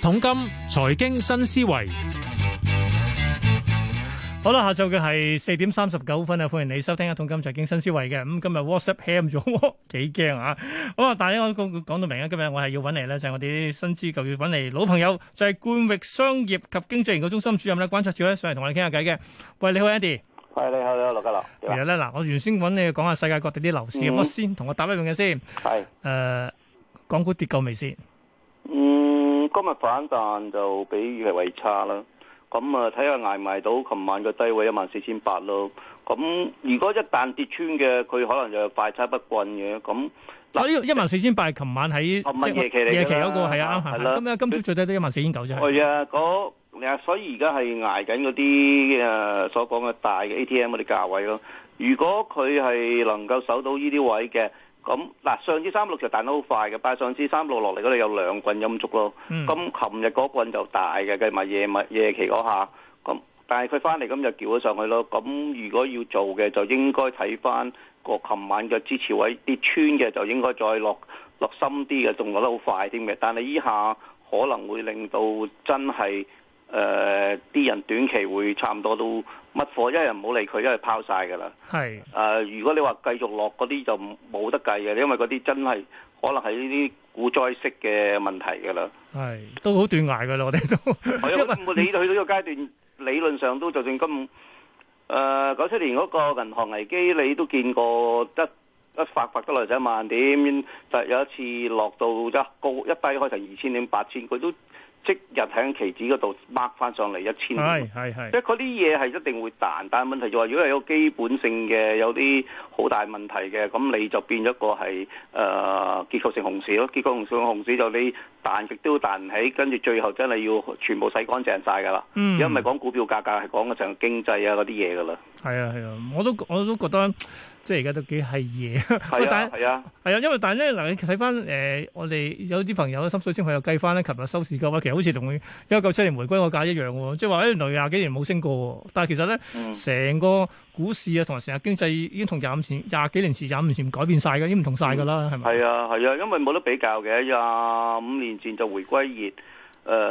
統金財經新思維，好啦，下晝嘅係四點三十九分啊！歡迎你收聽《統金財經新思維》嘅，咁今日 WhatsApp 冧咗，幾驚啊！好啊，但係我講講到明啊，今日我係要揾嚟咧就係我啲新知，舊月揾嚟老朋友就係冠域商業及經濟研究中心主任咧，關焯照咧上嚟同我哋傾下偈嘅。喂，你好 Andy，係你好，你好劉家樂。其實咧嗱，我原先揾你講下世界各地啲樓市嘅乜先，同我答一樣嘢先。係誒，港股跌夠未先？嗯。今日反彈就比預期為差啦，咁啊睇下捱唔捱到，琴晚嘅低位一萬四千八咯。咁如果一旦跌穿嘅，佢可能就快差不均嘅。咁嗱，呢一萬四千八係琴晚喺夜期夜期嗰個係啊，啱。係啦，今次最低都一萬四千九啫。係啊，嗰啊所以而家係捱緊嗰啲誒所講嘅大嘅 ATM 嗰啲價位咯。如果佢係能夠守到呢啲位嘅。咁嗱，上次三六就彈得好快嘅，但係上次三六落嚟嗰度有兩棍陰燭咯。咁琴日嗰棍就大嘅，計埋夜晚夜期嗰下。咁，但係佢翻嚟咁就叫咗上去咯。咁如果要做嘅，就應該睇翻個琴晚嘅支持位跌穿嘅，就應該再落落深啲嘅，仲落得好快添嘅。但係呢下可能會令到真係。誒、呃、啲人短期會差唔多都乜貨，一唔好理佢，因為拋晒㗎啦。係。誒、呃，如果你話繼續落嗰啲就冇得計嘅，因為嗰啲真係可能係呢啲股災式嘅問題㗎啦。係。都好斷崖㗎啦，我哋都。我 你去到呢個階段， 理論上都就算今誒九七年嗰個銀行危機，你都見過一一發發得嚟就一萬點，但有一次落到啫高一低開成二千點八千，佢都。即日喺期指嗰度 mark 翻上嚟一千，係係係，即係嗰啲嘢係一定會彈，但係問題就話、是，如果係有基本性嘅有啲好大問題嘅，咁你就變咗個係誒結構性熊市咯，結構性熊，熊市就你。彈極都彈唔起，跟住最後真係要全部洗乾淨晒㗎啦。因為唔係講股票價格，係講嗰層經濟啊嗰啲嘢㗎啦。係啊係啊，我都我都覺得即係而家都幾係嘢。係啊係啊，係啊，因為、啊、但係咧嗱，你睇翻誒，我哋有啲朋友、心水清佢又計翻咧，琴日收市價啊，其實好似同佢，一九七年回歸個價一樣喎。即係話誒，廿、哎、幾年冇升過，但係其實咧，成、嗯、個股市啊同埋成個經濟已經同廿五前、廿幾年前、廿五年前改變晒㗎，已經唔同晒㗎啦，係、嗯、咪？係啊係啊，因為冇得比較嘅廿五年。就回歸熱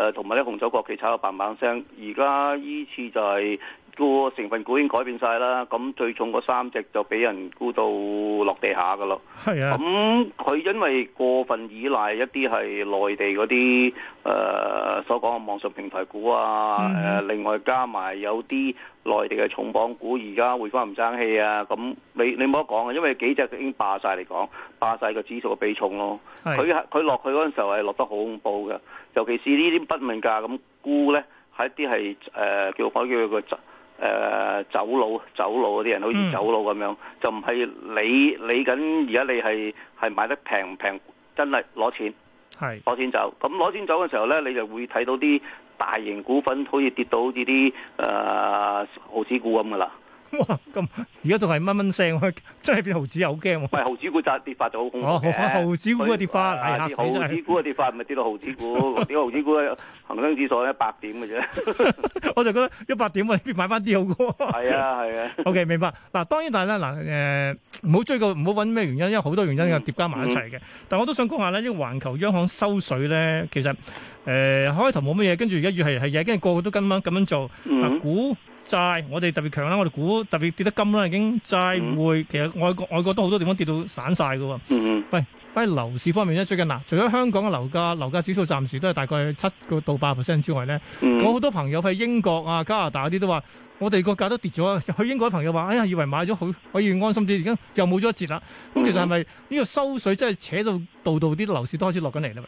誒，同埋咧，紅酒國企炒到棒棒聲。而家依次就係、是。個成分股已經改變晒啦，咁最重嗰三隻就俾人沽到落地下噶咯。係啊，咁、嗯、佢因為過分依賴一啲係內地嗰啲誒所講嘅網上平台股啊，誒、嗯呃、另外加埋有啲內地嘅重磅股，而家回翻唔爭氣啊。咁你你唔好講啊，因為幾隻已經霸晒嚟講，霸晒個指數嘅比重咯。佢係佢落去嗰陣時候係落得好恐怖嘅，尤其是呢啲不問價咁沽咧，係一啲係誒叫可叫個集。誒、呃、走佬走佬嗰啲人，好似走佬咁樣，嗯、就唔係理理緊你。而家你係係買得平唔平？真係攞錢，攞錢走。咁攞錢走嘅時候咧，你就會睇到啲大型股份，好似跌到好似啲誒恆指股咁噶啦。咁而家仲係蚊蚊聲，真係變猴子又好、啊，好驚喎！唔係，猴子股咋跌發就好恐怖猴、啊、子股嘅跌發係猴子股嘅跌發咪跌到猴子股，點解猴子股恒生指數一百點嘅啫。 我就覺得一百點啊，邊買翻啲好股？係 啊，係啊。O、okay, K，明白嗱。當然，但係咧嗱，誒唔好追究，唔好揾咩原因，因為好多原因嘅疊、嗯、加埋一齊嘅、嗯。但係我都想講下咧，因、呢個環球央行收水咧，其實誒、呃、開頭冇乜嘢，跟住而家越係係嘢，跟住個個都跟蚊咁樣做嗱股。債我哋特別強啦，我哋股特別跌得勁啦，已經債會其實外國外國都好多地方跌到散晒噶嗯嗯，喂，喺樓市方面咧，最近嗱，除咗香港嘅樓價樓價指數暫時都係大概七個到八 percent 之外咧、嗯，我好多朋友去英國啊、加拿大嗰啲都話，我哋個價都跌咗。去英國啲朋友話，哎呀，以為買咗好可以安心啲，而家又冇咗一折啦。咁其實係咪呢個收水真係扯到度度啲樓市都開始落緊嚟咧？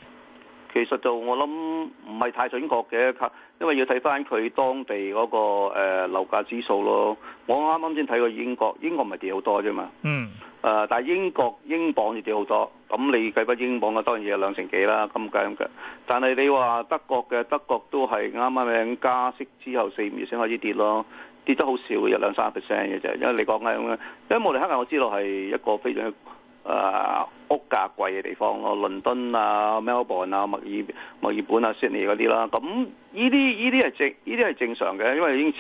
其實就我諗唔係太準確嘅，因為要睇翻佢當地嗰、嗰個、呃、樓價指數咯。我啱啱先睇過英國，英國唔係跌好多啫嘛。嗯。誒、呃，但係英國英鎊要跌好多，咁你計翻英鎊嘅當然有兩成幾啦，咁計咁但係你話德國嘅德國都係啱啱加息之後四五月先開始跌咯，跌得好少嘅，有兩三 percent 嘅啫。因為你講嘅因為慕尼黑啊，我知道係一個非常。誒、啊、屋價貴嘅地方咯，倫敦啊、Melbourne 啊、墨爾墨爾本啊、Sydney 嗰啲啦，咁呢啲呢啲係正呢啲係正常嘅，因為已經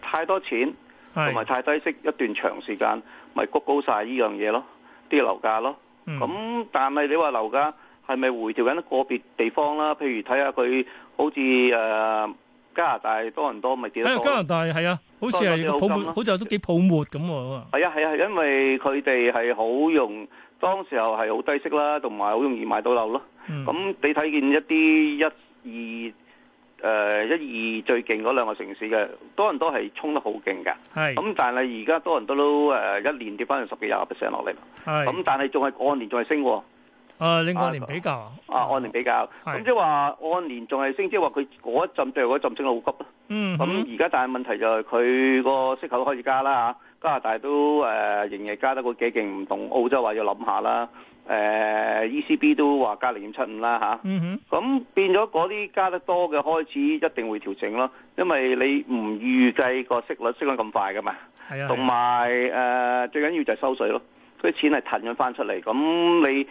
太多錢同埋太低息一段長時間，咪谷高晒呢樣嘢咯，啲樓價咯。咁、嗯、但係你話樓價係咪回調緊個個別地方啦，譬如睇下佢好似誒、呃、加拿大多倫多，咪跌得多。加拿大係啊，好似係泡沫，好似都幾泡沫咁。係啊係啊，因為佢哋係好用。當時候係好低息啦，同埋好容易買到樓咯。咁、嗯、你睇見一啲一二誒一二最勁嗰兩個城市嘅，多人都係衝得好勁㗎。係。咁但係而家多人都都誒、呃、一年跌翻去十幾廿個 percent 落嚟。係。咁但係仲係按年仲係升喎、啊呃。你按年比較啊，啊？按年比較。係、嗯。咁即係話按年仲係升，即係話佢嗰一陣對嗰一陣升得好急咯。嗯。咁而家但係問題就係佢個息口開始加啦嚇。加拿大都誒、呃、仍然加得個幾勁，唔同澳洲話要諗下啦。誒、呃、ECB 都話加零點七五啦吓，咁、嗯、變咗嗰啲加得多嘅開始一定會調整咯，因為你唔預計個息率升咁快㗎嘛。係啊，係啊。同埋誒最緊要就係收水咯，啲錢係騰咗翻出嚟。咁你誒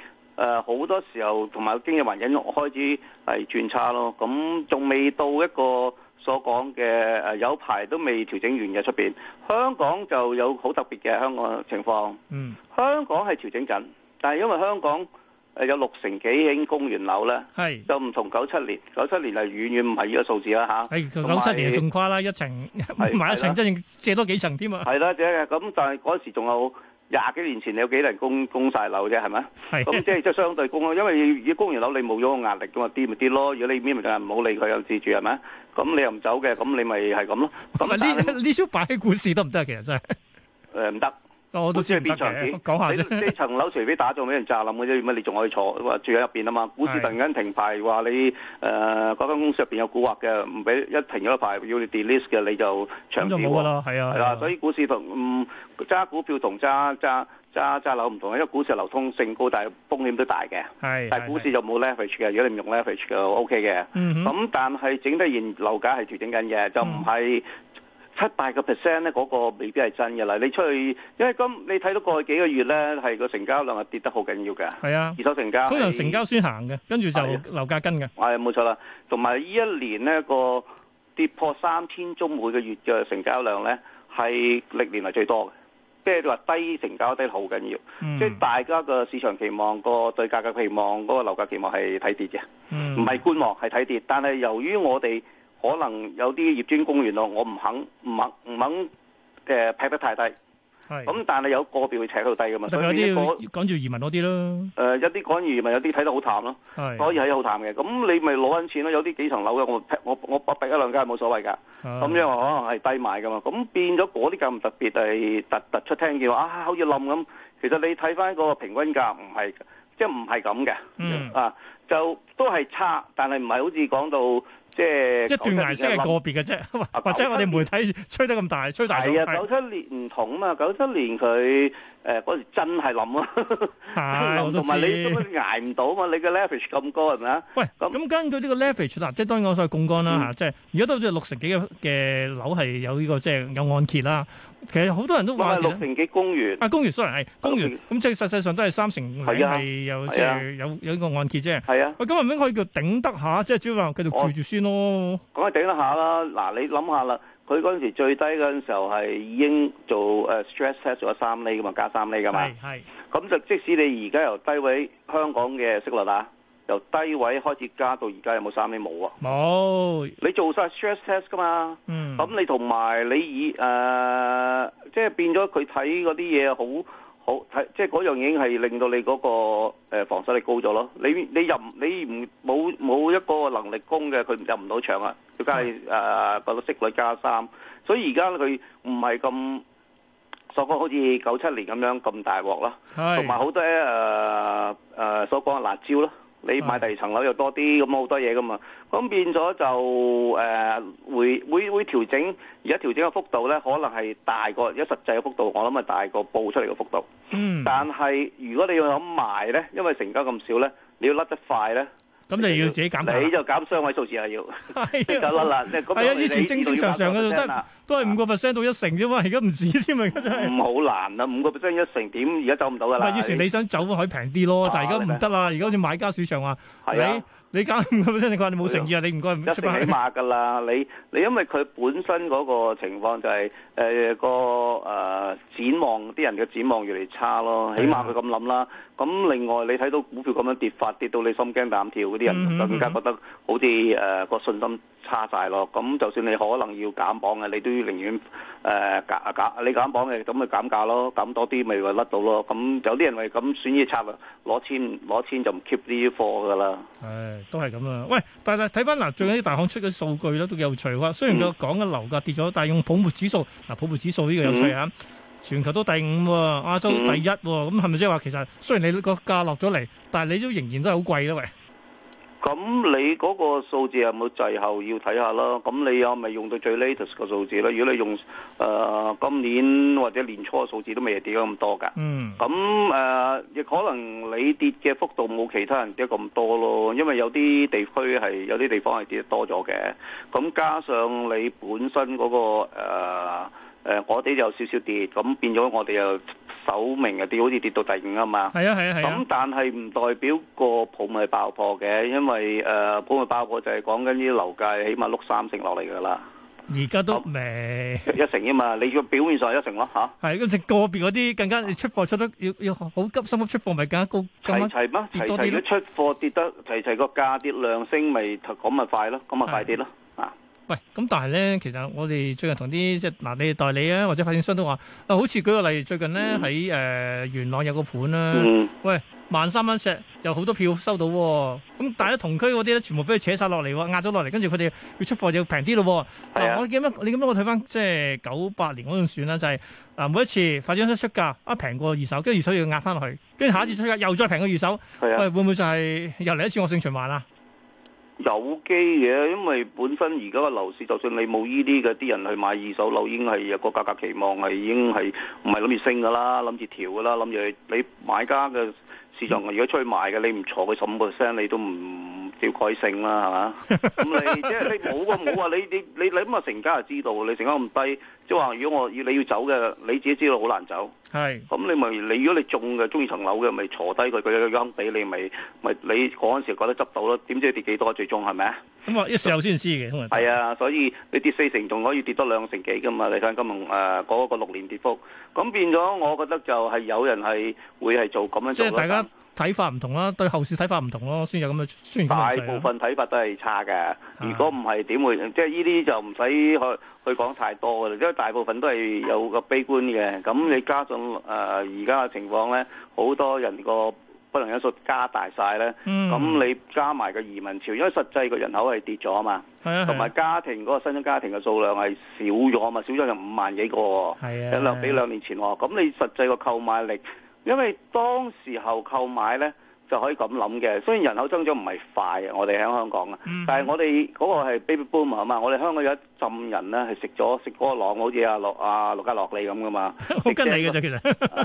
好、呃、多時候同埋經濟環境開始係轉差咯。咁仲未到一個。所講嘅誒有排都未調整完嘅出邊，香港就有好特別嘅香港情況。嗯，香港係調整緊，但係因為香港誒、呃、有六成幾興公園樓啦，係就唔同九七年，九七年係遠遠唔係呢個數字、啊、係啦嚇。九七年仲誇啦一層，買一層真係借多幾層添啊。係啦，借嘅咁，但係嗰時仲有。廿幾年前你有幾多人供供曬樓啫係咪係咁即係即係相對供咯，因為如果供完樓你冇咗個壓力咁啊，跌咪跌咯。如果你咩咪就係唔好理佢有自住係咪咁你又唔走嘅，咁你咪係咁咯。咁係呢呢招擺喺股市得唔得啊？其實真係誒唔得。 我都知，邊層嘅？講下你，呢 呢層樓隨便打造俾人炸冧嘅啫，點解你仲可以坐，住喺入邊啊嘛？股市突然間停牌，話你誒嗰、呃、間公司入邊有蠱惑嘅，唔俾一停咗一排要你 delete 嘅，你就長線。咁就冇啦，係啊，係啦、啊啊啊啊。所以股市同揸、嗯、股票同揸揸揸揸樓唔同因為股市流通性高，但係風險都大嘅。係，但係股市就冇 leverage 嘅，如果你唔用 leverage 就 OK 嘅。咁、嗯嗯、但係整得現樓價係調整緊嘅，就唔係。嗯七八個 percent 咧，嗰、嗰個未必係真嘅啦。你出去，因為噉你睇到過去幾個月咧，係個成交量係跌得好緊要嘅。係啊，二手成交通常成交先行嘅，跟住就樓價跟嘅。係冇、啊、錯啦，同埋呢一年咧，個跌破三千宗每個月嘅成交量咧，係歷年嚟最多嘅。即係話低成交低好緊要，即、嗯、係大家個市場期望、嗰個對價格期望，嗰、嗰個樓價期望係睇跌嘅，唔、嗯、係觀望，係睇跌。但係由於我哋可能有啲業主供完咯，我唔肯唔肯唔肯誒劈得太低。係，咁但係有個別會扯到低噶嘛。咁有啲趕住移民嗰啲咯、呃。誒，有啲趕住移民，有啲睇得好淡咯。係，可以係好淡嘅。咁你咪攞緊錢咯。有啲幾層樓嘅，我劈我我拔一兩間冇所謂㗎。咁因為可能係低埋㗎嘛。咁變咗嗰啲咁特別係突突出聽見話啊，好似冧咁。其實你睇翻個平均價唔係，即係唔係咁嘅。就是是嗯、啊，就都係差，但係唔係好似講到。即係一段顏色係個別嘅啫，或者我哋媒體吹得咁大，吹大咗。係啊，九七年唔同啊嘛，九七年佢誒嗰時真係冧咯，同埋你根本捱唔到啊嘛，你嘅 leverage 咁高係咪啊？喂，咁根據呢個 leverage 啦，即係當然我所謂槓桿啦嚇，即係而家都好似六成幾嘅樓係有呢個即係有按揭啦。其實好多人都話六成幾供完啊，供完雖然係供完咁即係實際上都係三成兩係有即係，就是，有有，有個按揭啫。係啊，喂，咁可唔可以叫頂得下？即係只係繼續住住先咯。梗係頂得下啦，嗱，你諗下啦，佢嗰陣時最低嗰陣時候係已經做 stress test 咗三厘噶嘛，加三厘噶嘛。係，係咁就即使你而家由低位香港嘅息率啊。由低位開始加到而家，有冇三厘冇啊？冇、oh.，你做晒 stress test 噶嘛？嗯、mm.。咁你同埋你以誒，即係變咗佢睇嗰啲嘢，好好睇，即係嗰樣已經係令到你嗰、那個、呃、防守力高咗咯。你你入，你唔冇冇一個能力供嘅，佢入唔到場啊？就梗係誒個息率加三，所以而家佢唔係咁所講好似九七年咁樣咁大鑊咯。同埋好多誒誒、呃呃、所講嘅辣招咯。你買第二層樓又多啲，咁好多嘢噶嘛，咁變咗就誒、呃、會會會調整。而家調整嘅幅度咧，可能係大過而家實際嘅幅度。我諗係大過報出嚟嘅幅度。嗯但，但係如果你要咁賣咧，因為成交咁少咧，你要甩得快咧。咁你就要自己減，你就減雙位數字啊！要係啊！以前正正常常嘅都得，都係五個 percent 到一成啫嘛，而家唔止添啊！真係好難啊！五個 percent 一成點而家走唔到噶啦！以前你想走可以平啲咯，啊、但係而家唔得啦！而家好似買家市場啊，你。 你減，咁你話你冇誠意啊、哎？你唔該，一定起碼㗎啦。你你，因為佢本身嗰個情況就係誒個誒展望，啲人嘅展望越嚟越差咯。起碼佢咁諗啦。咁另外你睇到股票咁樣跌法，跌到你心驚膽跳嗰啲人，嗯嗯嗯，更加覺得好似誒個信心差晒咯。咁就算你可能要減磅嘅，你都要寧願誒減啊減。你減磅嘅咁咪減價咯，減多啲咪揾甩到咯。咁有啲人為咁選擇策略，攞錢攞錢就唔 keep 呢啲貨㗎啦。係、哎。都係咁啊！喂，但係睇翻嗱，最近啲大行出嘅數據咧都幾有趣，喎。雖然佢講嘅樓價跌咗，但係用泡沫指數，嗱、啊、泡沫指數呢個有趣呀、啊。全球都第五喎、啊，亞洲第一喎、啊，咁係咪即係話其實雖然你個價落咗嚟，但係你都仍然都係好貴咯？喂！咁你嗰個數字有冇滯後要睇下咯？咁你有咪用到最 latest 個數字咧？如果你用誒、呃、今年或者年初嘅數字都未跌咗咁多㗎。嗯。咁誒、呃，亦可能你跌嘅幅度冇其他人跌咁多咯，因為有啲地區係有啲地方係跌得多咗嘅。咁加上你本身嗰、嗰個、呃誒、呃，我哋有少少跌，咁變咗我哋又首名嗰啲，好似跌到第五啊嘛。係啊，係啊，係、啊。咁但係唔代表個泡沫爆破嘅，因為誒、呃、泡沫爆破就係講緊啲樓價起碼碌三成落嚟㗎啦。而家都未一成啫嘛，你要表面上係一成咯嚇。係、啊，因為、那個別嗰啲更加出貨出得要要好急，心急咁出貨咪更加高咁咯。齊齊嘛，齊齊齊齊齊齊出貨跌得齊齊個價跌量升咪咁咪快咯，咁咪快跌咯。喂，咁但係咧，其實我哋最近同啲即係嗱、啊，你哋代理啊，或者發展商都話，啊，好似舉個例最近咧喺誒元朗有個盤啦、啊，嗯、喂，萬三蚊呎，有好多票收到、哦，咁但係同區嗰啲咧，全部俾佢扯晒落嚟，壓咗落嚟，跟住佢哋要出貨就平啲咯。嗱、啊啊，我見乜，你咁樣我睇翻即係九八年嗰種算啦、啊，就係、是，啊，每一次發展商出價一平過二手，跟住二手要壓翻落去，跟住下一次出價又再平過二手，啊、喂，會唔會就係、是、又嚟一次惡性循環啊？手機嘅，因為本身而家個樓市，就算你冇呢啲嘅啲人去買二手樓已格格，已經係個價格期望已經係唔係諗住升噶啦，諗住調噶啦，諗住你買家嘅市場，如果出去賣嘅，你唔坐佢十五個 percent，你都唔。 要改性啦，係嘛？咁你即係、就是、你冇啊冇啊！你你你咁啊，成家就知道，你成家咁低，即係話如果我要你要走嘅，你自己知道好難走。係，咁你咪你如果你中嘅中意層樓嘅，咪坐低佢，佢一啲金俾你咪咪你嗰陣時覺得執到咯，點知跌幾多最終係咪啊？咁啊、嗯，一時候先知嘅。係啊，所以你跌四成仲可以跌多兩成幾噶嘛？你睇下今日誒嗰個六年跌幅，咁變咗我覺得就係有人係會係做咁樣做咯。即係大家。睇法唔同啦，對後市睇法唔同咯，先有咁嘅。大部分睇法都係差嘅，如果唔係點會？即係呢啲就唔使去去講太多嘅啦，因為大部分都係有個悲觀嘅。咁你加上誒而家嘅情況咧，好多人個不能因素加大晒咧，咁、嗯、你加埋個移民潮，因為實際個人口係跌咗啊嘛，同埋、啊、家庭嗰個新增家庭嘅數量係少咗啊嘛，少咗就五萬幾個，兩、啊、比兩年前喎，咁你實際個購買力。因為當時候購買呢就可以咁諗嘅，雖然人口增長唔係快，我哋喺香港啊、嗯，但係我哋嗰個係 baby boom 啊、嗯、嘛，我哋香港有一浸人咧係食咗食嗰個浪，好似阿陸阿陸家樂你咁噶嘛，好、啊啊啊啊、跟你嘅就其實唔嘅、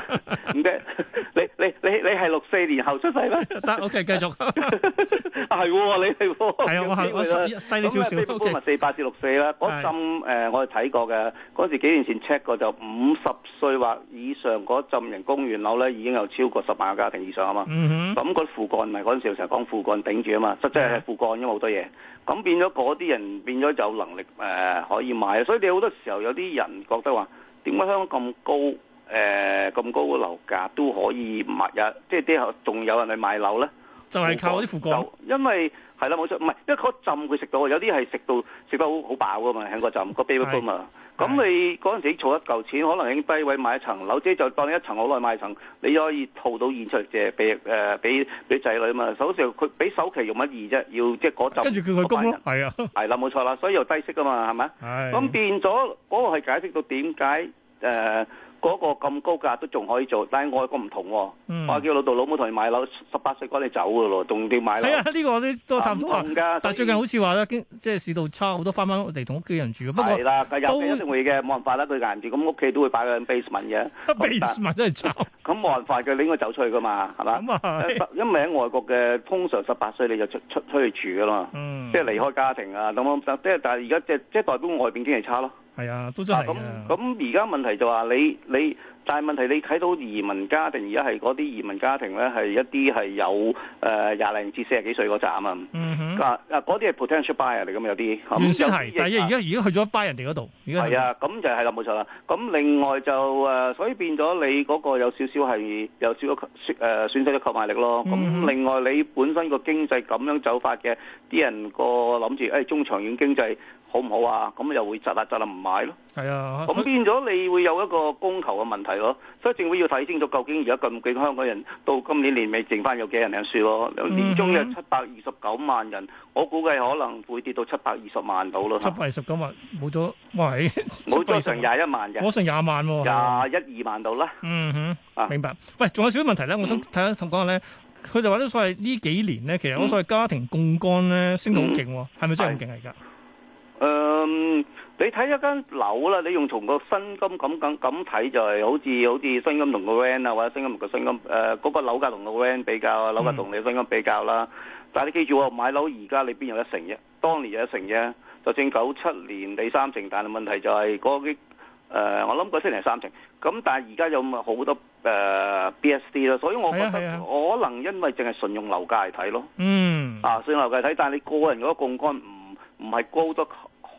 啊 知道， 你你你你係六四年後出世啦？得，OK，繼續，係、 哦、你係，係 啊，細少少，咁 baby boom 係、okay, 四八至六四啦，嗰陣我哋睇過嘅，嗰時、呃呃、幾年前 check 過就五十歲或以上嗰陣人供完樓咧已經有超過十萬個家庭以上啊嘛，咁、嗯。嗯咁個父幹唔係嗰陣時成日講父幹頂住啊嘛，實際係父幹咗好多嘢，咁變咗嗰啲人變咗有能力誒、呃、可以買，所以你好多時候有啲人覺得話點解香港咁高誒咁、呃、高嘅樓價都可以買，即係啲仲有人去買樓咧？就係、是、靠啲副歌，因為係啦，冇錯，唔係，因為嗰浸佢食到，有啲係食到食到好飽㗎嘛，喺、那個浸個杯骨啊嘛。咁你嗰陣時儲一嚿錢，可能已經低位買一層樓，即係就當你一層好耐買一層，你可以套到現出嚟借俾誒俾俾仔女啊嘛。首先佢俾首期用乜易啫，要即係嗰浸跟住叫佢供咯，係啊，係啦，冇 錯啦，所以又低息噶嘛，係咪啊？咁變咗嗰、那個係解釋到點解誒嗰個咁高價都仲可以做，但係外國唔同喎、哦嗯。我叫老豆老母同你買樓，十八歲嗰陣走噶咯，仲要買樓。係啊，呢、呢個我探都都差唔多。但最近好似話咧，即係市道差，好多翻返嚟同屋企人住。不過、啊、都一定會嘅，冇辦法啦，佢捱住，咁屋企都會擺個 basement 嘅、啊。basement 真係差咁冇辦法嘅，你應該走出去噶嘛，係嘛？咁、嗯、啊，因為喺外國嘅通常十八歲你就出出出去住噶嘛，嗯、即係離開家庭啊，等等。即係但係而家即係即係代表外邊經濟差咯。係啊，都真係咁咁而家問題就話你你。但係問題，你睇到移民家庭，而家係嗰啲移民家庭咧，係一啲係有誒廿零至四十幾歲嗰扎啊嘛。嗯哼。嗰啲係 potential buyer 嚟㗎嘛，有啲原先係、嗯，但係而家而家去咗 buy 人哋嗰度。係啊，咁就係、是、啦，冇錯啦。咁另外就誒、呃，所以變咗你嗰個有少少係有少、呃、少誒損失咗購買力咯。咁、嗯、另外你本身個經濟咁樣走法嘅，啲人個諗住誒中長遠經濟好唔好啊？咁又會窒啦窒啦，唔買咯。係啊。咁、啊、變咗你會有一個供求嘅問題。所以政府要睇清楚，究竟而家咁勁香港人到今年年尾剩翻有幾人領書咯？年中有七百二十九萬人，我估計可能會跌到七百二十萬度咯。七百二十九萬冇咗，哇係冇跌成廿一萬嘅，我成廿萬，廿一二萬度啦、啊。嗯哼，明白。喂，仲有少少問題咧、嗯，我想睇下同講下咧，佢就話咧所謂呢幾年咧，其實我所謂家庭槓桿咧升到好勁，係咪真係咁勁而家？嗯。是你睇一間樓啦，你用從個薪金咁咁咁睇就係好似好似薪金同個 van 啊，或者薪金同個薪金嗰、呃嗰個樓價同個 van 比較，樓價同你嘅薪金比較啦。但你記住喎，買樓而家你邊有一成啫，當年有一成啫。就算九七年你三成，但係問題就係嗰啲我諗嗰七年三成。咁但係而家有咁好多、呃、B S D 啦，所以我覺得可能因為淨係純用樓價嚟睇咯。嗯、啊啊。啊，純用樓價嚟睇，但你個人嗰個槓桿唔唔係高得。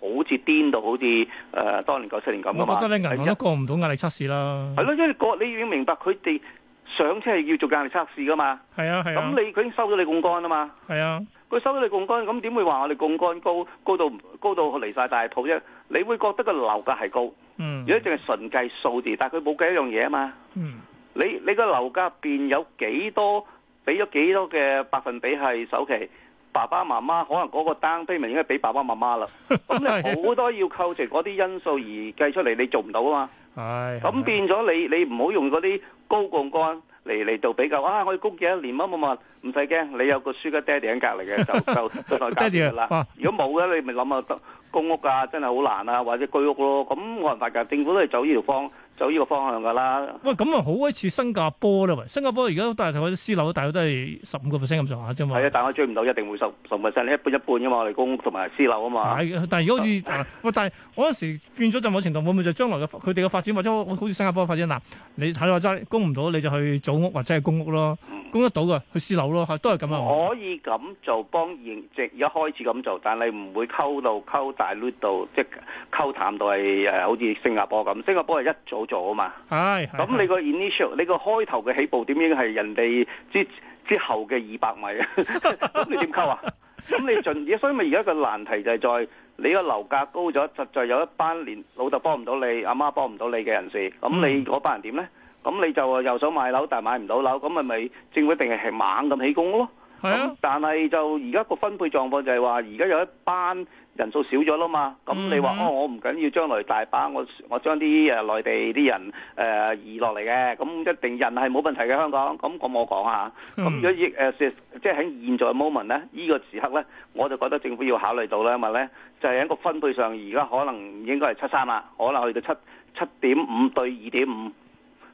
好似顛到好似誒、呃、當年九七年咁我覺得你危，一過唔到壓力測試啦。係咯，因為過你已經明白佢哋上車要做壓力測試噶嘛。係啊，係、啊。咁你佢已經收咗你槓桿啊嘛。係啊，佢收咗你槓桿，咁點會話我哋槓桿高高到高到離晒大肚啫？你會覺得個樓價係高。嗯。如果淨係純計數字，但係佢冇計一樣嘢啊嘛。嗯。你你個樓價入邊有幾多俾咗幾多嘅百分比係首期？爸爸媽媽可能嗰個 down payment 應該俾爸爸媽媽啦，咁你好多要扣除嗰啲因素而計出嚟，你做唔到啊嘛。係，咁變咗你你唔好用嗰啲高槓桿嚟嚟做比較啊，可以高幾多年乜乜乜。什麼什麼唔使驚，你有個書家爹地喺隔離嘅就就爹隔離啦、 啊。如果冇嘅，你咪諗下啊，公屋啊真係好難啊，或者居屋咯、啊。咁我唔發噶，政府都係走呢條方走呢個方向噶啦。喂，咁啊好似新加坡咧，喂，新加坡而家大頭嗰啲私樓大約，大都都係十五個 percent 咁上下啫嘛。係啊，但係我追唔到，一定會十十 percent，一半一半噶嘛。我哋公屋同埋私樓啊嘛。但係如果好似喂， 但係我嗰時變咗就某程度，會唔會就將來嘅佢哋嘅發展或者好似新加坡嘅發展嗱？你睇話真供唔到，你就去組屋或者係公屋咯，供得到嘅去私樓。都係咁可以咁做。幫現值一開始咁做，但係唔會溝到溝大 l u 度，即係溝淡到係誒、呃，好似新加坡咁。新加坡係一早做啊嘛。係。咁你個的 initial， 你個開頭嘅起步點應該係人哋之之後嘅二百米，咁 你點溝啊？咁 你盡，所以咪而家個難題就係在你個樓價高咗，實在有一班連老豆幫唔到你，阿媽幫唔到你嘅人士，咁你嗰班人點咧？ 咁你就又想手買樓，但係買唔到樓，咁咪咪政府一定係猛咁起工咯。啊、但係就而家個分配狀況就係話，而家有一班人數少咗啦嘛。咁你話、嗯、哦，我唔緊要將來大班，我我將啲誒、呃、內地啲人誒、呃、移落嚟嘅，咁一定人係冇問題嘅香港。咁我講下咁如果即係喺現在 moment 呢，呢個時刻呢，我就覺得政府要考慮到咧，因為呢就係、是、喺個分配上，而家可能應該係七三啦，可能去到七七點五對二點五。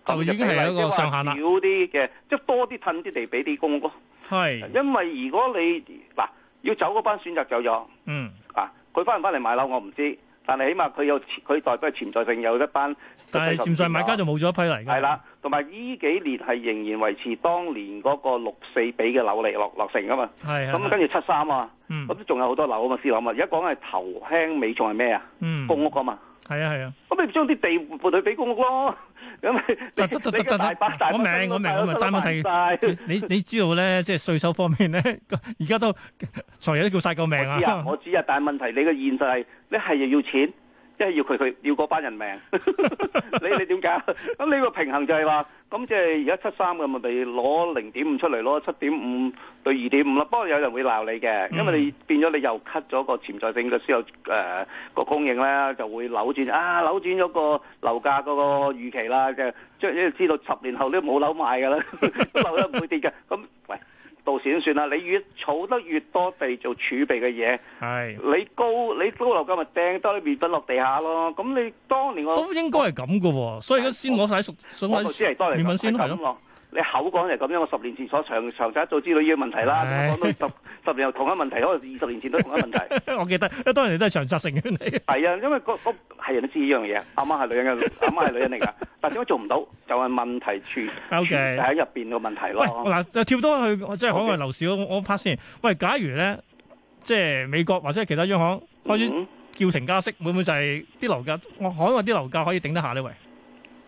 就已經係一個上限啦。少啲嘅，即係多啲吞啲地俾啲公屋。係，因為如果你嗱要走嗰班選擇走咗，嗯。啊，佢翻唔翻嚟買樓我唔知，但係起碼佢有佢代表潛在性有一班。但係潛在買家就冇咗一批嚟。係啦，同埋依幾年係仍然維持當年嗰個六四比嘅樓嚟落落成啊嘛。係。咁跟住七三啊。咁、嗯、仲有好多樓啊嘛，私樓啊嘛。而家講緊係頭輕尾重係咩啊？公屋啊嘛。係啊係啊。咁你將啲地撥佢俾公屋咯。咁 咪、啊啊啊，你、啊啊啊、我明我明，了了我明，但係問題，你你知道咧， 即係稅收方面咧，而家都財爺都，都叫晒救命啊！我知啊， 但係問題，你個現實係，你係又要錢。即係要佢佢要嗰班人命， 你你點解？咁你個平衡就係話，咁即係而家七三嘅咪咪攞零點五出嚟攞七點五對二點五啦。不過有人會鬧你嘅，因為你變咗你又 cut 咗個潛在性嘅輸入誒個供應啦，就會扭轉啊扭轉咗個樓價嗰個預期啦。即係即係你知道十年後都冇樓賣㗎啦， 都樓都唔會跌嘅。咁喂。到先算啦，你越儲得越多地做儲備嘅嘢，你高你高樓價咪掟多啲麵粉落地下咯，咁你當年我都應該係咁㗎喎，所以而家先攞曬熟，想問先係咯。你口講就係咁樣，我十年前所長長者做之類嘅問題啦。講到十十年又同一問題，可能二十年前都同一問題。我記得，因為當然你都係長者成員嚟。係啊，因為個個係人都知依樣嘢，阿媽係女人嘅，阿媽係女人嚟㗎。但點解做唔到？就係問題處全喺入邊個問題咯。嗱，跳多去即係海外樓市，我我 pass 先。喂，假如咧，即係美國或者係其他央行開始叫停加息，會唔會就係啲樓價？我海外啲樓價可以頂得下呢位？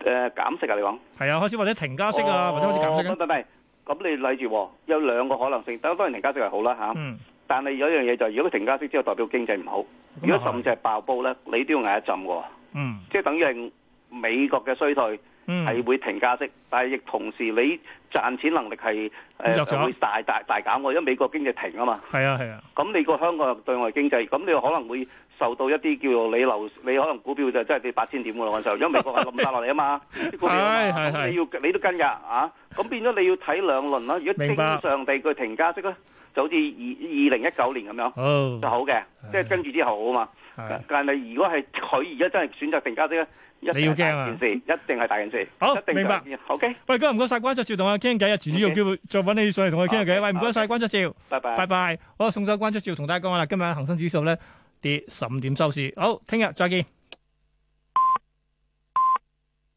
誒、呃，減息啊！你講係啊，開始或者停加息啊，哦、或者開始減息啊。啊唔咁你例如喎，有兩個可能性，當然停加息係好啦吓、啊。嗯。但係有一樣嘢就係、是，如果佢停加息之後代表經濟唔好，如果甚至係爆煲咧，你都要挨一浸喎、啊，嗯。即係等於係美國嘅衰退。嗯，係會停加息，但係亦同時你賺錢能力係誒會大大大減，因為美國經濟停啊嘛。係啊係啊，咁你個香港對外經濟，咁你可能會受到一啲叫做你樓你可能股票就真係跌八千點嘅啦，我 就因為美國係冧晒落嚟啊嘛，啲股票啊嘛，你要你都跟噶啊，咁變咗你要睇兩輪啦。如果正常地佢停加息咧，就好似二二零一九年咁樣，就好嘅，即係跟住之後好啊嘛。但係如果係佢而家真係選擇停加息咧。你要驚啊！事一定係大，件事，一定係大件事，好一定明白。OK，喂，今日唔該晒關焯照同我傾偈啊，徐主席有機會再揾你上嚟同佢傾下偈。喂，唔該晒關焯照，okay？拜拜，拜拜。好，送走關焯照同大家講啦，今日恒生指數咧跌十五點收市。好，聽日再見。